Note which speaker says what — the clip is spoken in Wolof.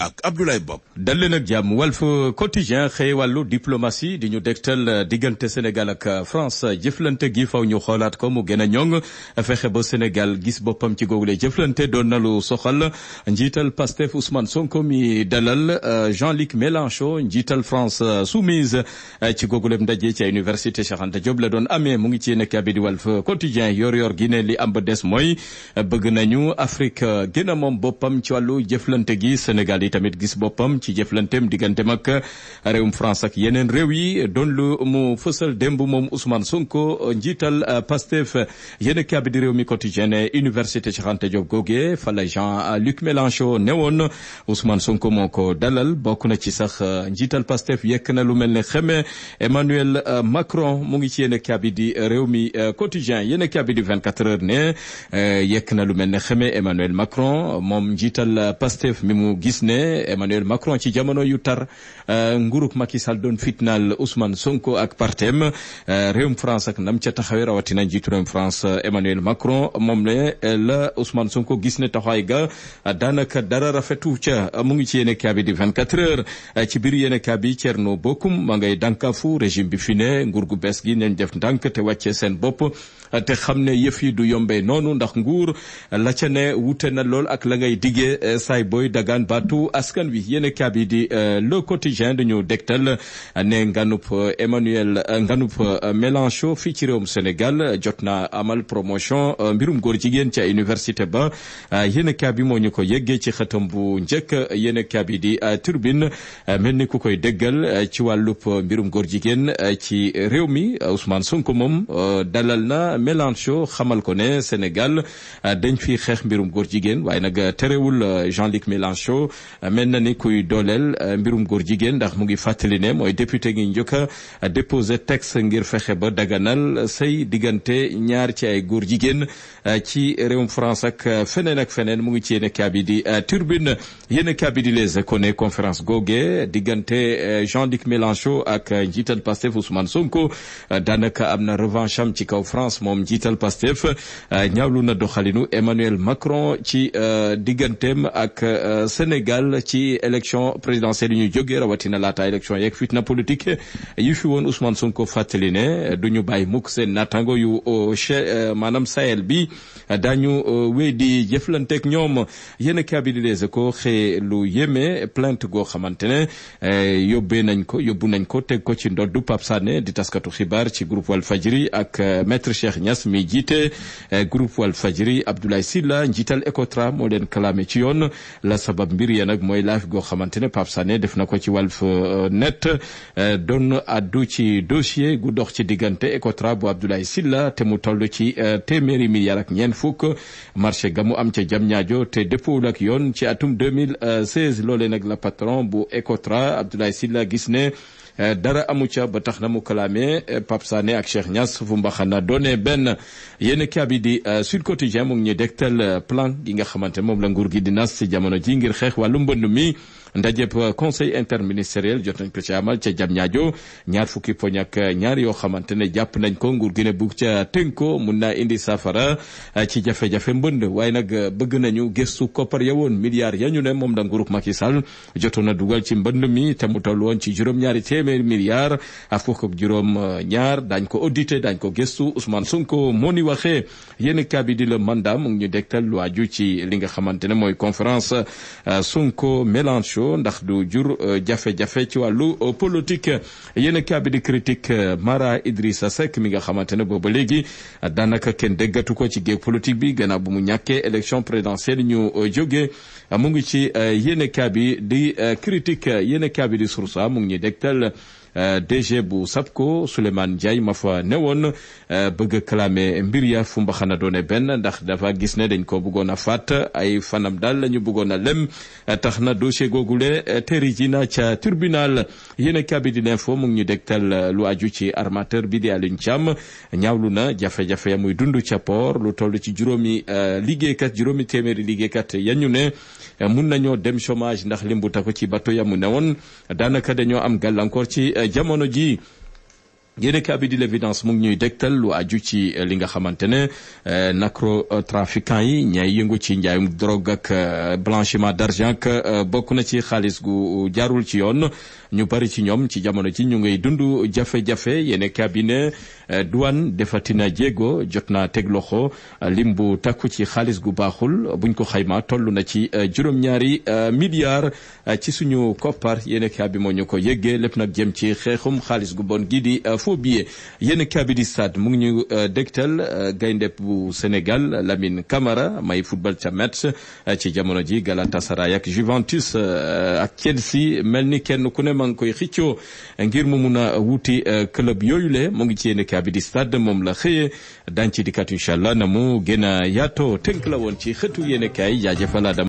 Speaker 1: ak Abdoulaye Bob dal leen ak jàmm Walf Quotidien xëye wàllu diplomatie di ñu dégtal diggante Sénégal ak France jëflante gi faw ñu xoolaat ko mu gën a ñoŋ fexe ba Sénégal gis boppam ci googule jëflante doon na lu soxal njiital Pastef Ousmane Sonko mi dalal euh, Jean-Luc Mélenchon njiital France euh, soumise euh, ci googulem ndaje ci université Cheikh Anta Diop la doon amee mu ngi ci yéen a di Walf Quotidien yor yor gi ne li am ba des mooy bëgg nañu Afrique gën a moom boppam ci wàllu jëflante gi Sénégal yi tamit gis boppam ci jëflanteem digganteem ak réewum France ak yeneen réew yi doon lu mu fësal démb moom Ousmane Sonko njiital euh, Pastef yéen kaabi di réew mi quotidien université Cheikh Anta Diop goge fala Jean-Luc euh, Mélenchon newoon Ousmane Sonko moo ko dalal bokk na ci sax euh, njiital Pastef yekk na lu mel ne xeme Emmanuel Macron mu ngi ci yéen kaabi di réew mi quotidien yéen kaabi di 24 heures ne yekk na lu mel ne xeme gis ne ne Emmanuel Macron ci jamono yu tar euh, nguurug Macky Sall doon fitnaal Ousmane Sonko ak partem euh, réewum France ak nam ca taxawee rawatina njiitu réewum France euh, Emmanuel Macron moom ne la Ousmane Sonko gis ne taxawaay ga daanaka dara rafetu ca mu ngi ci yéene kaa bi di 24 heures ci biir yéene kaa bi Thierno Bocoum ma ngay dànkaafu bi fi ne nguur gu bees gi nañ def ndànk te wàcce seen bopp te xam ne yëf yi du yombee noonu ndax nguur la ca ne ak la ngay diggee saay booy dagaan askan wi yéen a bi di euh, le quotidien dañu dégtal euh, ne nganup euh, Emmanuel nganup Mélenchon fii ci réewum Sénégal jot na amal promotion mbirum góor jigéen ca université ba yéen a bi moo ñu ko yëggee ci xëtam bu njëkk yéen a bi di turbine mel ni ku koy déggal ci wàllub mbirum góor jigéen ci réew mi Ousmane Sonko moom dalal na Mélenchon xamal ko ne Sénégal dañ fi xeex mbirum góor jigéen waaye nag terewul Jean-Luc Mélenchon mel na ni kuy dooleel euh, mbirum góor jigéen ndax mu ngi fàttali ne mooy député ngi njëkk a déposé texte ngir fexe ba daganal say diggante ñaar ci ay góor jigéen euh, ci réewum France ak euh, feneen ak feneen mu ngi ci yéen kabi di turbine yéen kabi di les école conférence goge diggante Jean-Luc Mélenchon ak njiital Pastef Ousmane Sonko daanaka am na revanche am ci kaw France moom njiital Pastef ñaawlu na doxalinu Emmanuel Macron ci digganteem ak Sénégal. jàll ci élection présidentielle yi ñu jógee rawatina laata élection yeeg fitna politique yi fi woon Ousmane Sonko fàttali ne du ñu bàyyi mukk seen naataango yu euh, euh, maanaam Sahel bi daañu euh, wéy di jëflanteeg ñoom yéen kaabidi les ko xe lu yeme plainte goo xamante ne yóbbee nañ ko yóbbu nañ ko teg ko ci ndoddu Pape Sané di taskatu xibaar ci groupe Walfadjri ak maître Cheikh Niass mi jiite groupe Walfadjri Abdoulaye Sylla njiital Ecotra moo leen kalaame ci yoon la sabab mbir yéen mooy live goo xamante ne Pape Sané def na ko ci Walf euh, net euh, doon addu ci dossier gu dox ci diggante Ecotra bu Abdoulaye Sylla te mu toll ci euh, téeméeri milliard ak ñeent fuk marché ga mu am ca Diamniadio te dëppoowul ak yoon ci atum 2016 loolee nag la patron bu Ecotra Abdoulaye Sylla gis ne Eh, dara amu ca ba tax na mu kalaame eh, Pape Sané ak Cheikh Niass fu mbaxana doone benn yéen kaabi di eh, Sud Quotidien mu ngi ñuy dégtal plan gi nga xamante moom la ngur gi di nas jamono ji ngir xeex wàllu mbënd mi ndajeb conseil interministériel jot nañ ko ci amal ca jam ñaajo ñaar fukki poñ ak ñaar yoo xamante ne jàpp nañ ko nguur gi ne bugg ca tënko mun naa indi saafara eh, ci jafe-jafe mbënd waaye nag eh, bëgg nañu gëstu kopar ya woon milliards ya ñu ne moom la nguurug Macky Sall jotoon na dugal ci mbënn mi te mu toll woon ci juróom-ñaari téeméeri milliards ak fukk juróom-ñaar eh, daañ ko audité daañ ko gëstu Ousmane Sonko moo ni waxee yéen kabi di la mandat mu ngi ñu dégtal lu aju ci li nga xamante ne mooy conférence Sonko xëccoo ndax du jur euh, jafe-jafe ci wàllu euh, politique yéen kaa bi di critique euh, Mara Idrissa Seck mi nga xamante ne booba léegi daanaka kenn déggatu ko ci géeg politique bi gannaaw bu mu ñàkkee élection présidentielle ñu jógee amu ngi ci yéen kaa bi di critique yéen kaa bi di Source mu ngi ñuy dégtal Euh, DG bu SAPCO Souleymane Ndiaye ma fa newoon euh, bëgg a mbir ya fu mbaxana doone benn ndax dafa gis ne dañ ko bëggoon a faat ay fanam daal la ñu bëggoon a lem euh, tax na dossier googule teri ji na ca tribunal yéen a cabinet info mu ñu degtal lu aju ci armateur bi di Alioune Thiam ñaawlu na jafe-jafe ya muy dund ca port lu toll ci juróomi liggéeykat juróomi téeméeri liggéeykat yañu ne mun nañoo dem chômage ndax limbu tako ci bato yamu mu newoon daanaka dañoo am gàllankoor ci Eh, jamono ji yéenekaay bi di l'évidence mu ngi ñuy dégtal lu aju ci eh, li nga xamante ne eh, narcotrafiquants yi ñay yëngu ci njaayum drogue ak blanchiment d'argent ak bokk na ci xaalis gu jaarul ci yoon ñu bari ci ñoom ci jamono ji ñu ngay dund jafe-jafe yéenekaay bi Eh, douane defati na jéego jot naa teg loxo eh, bu takku ci xaalis gu baaxul buñ ko xayma toll na ci eh, juróom-ñaari milliards ci suñu koppar yéen a bi moo ñu ko yëggee lépp nag jëm ci xeexum xaalis gu bon gii di faux billet yéen a di stade mu ngi ñu dégtal gaynde bu Sénégal Lamine Camara may football ca Metz ci jamono ji galatasarayak ak Juventus ak Chelsea mel ni kenn ku ne maa ngi koy xicco ngir mu mun wuti club yooyu le mu ngi ci yéen abidi stade moom la xëyee dan ci dikkaat incha allah na mu gën a yaatoo tënk la woon ci xëtu yéen a kaay jaajëfal Adama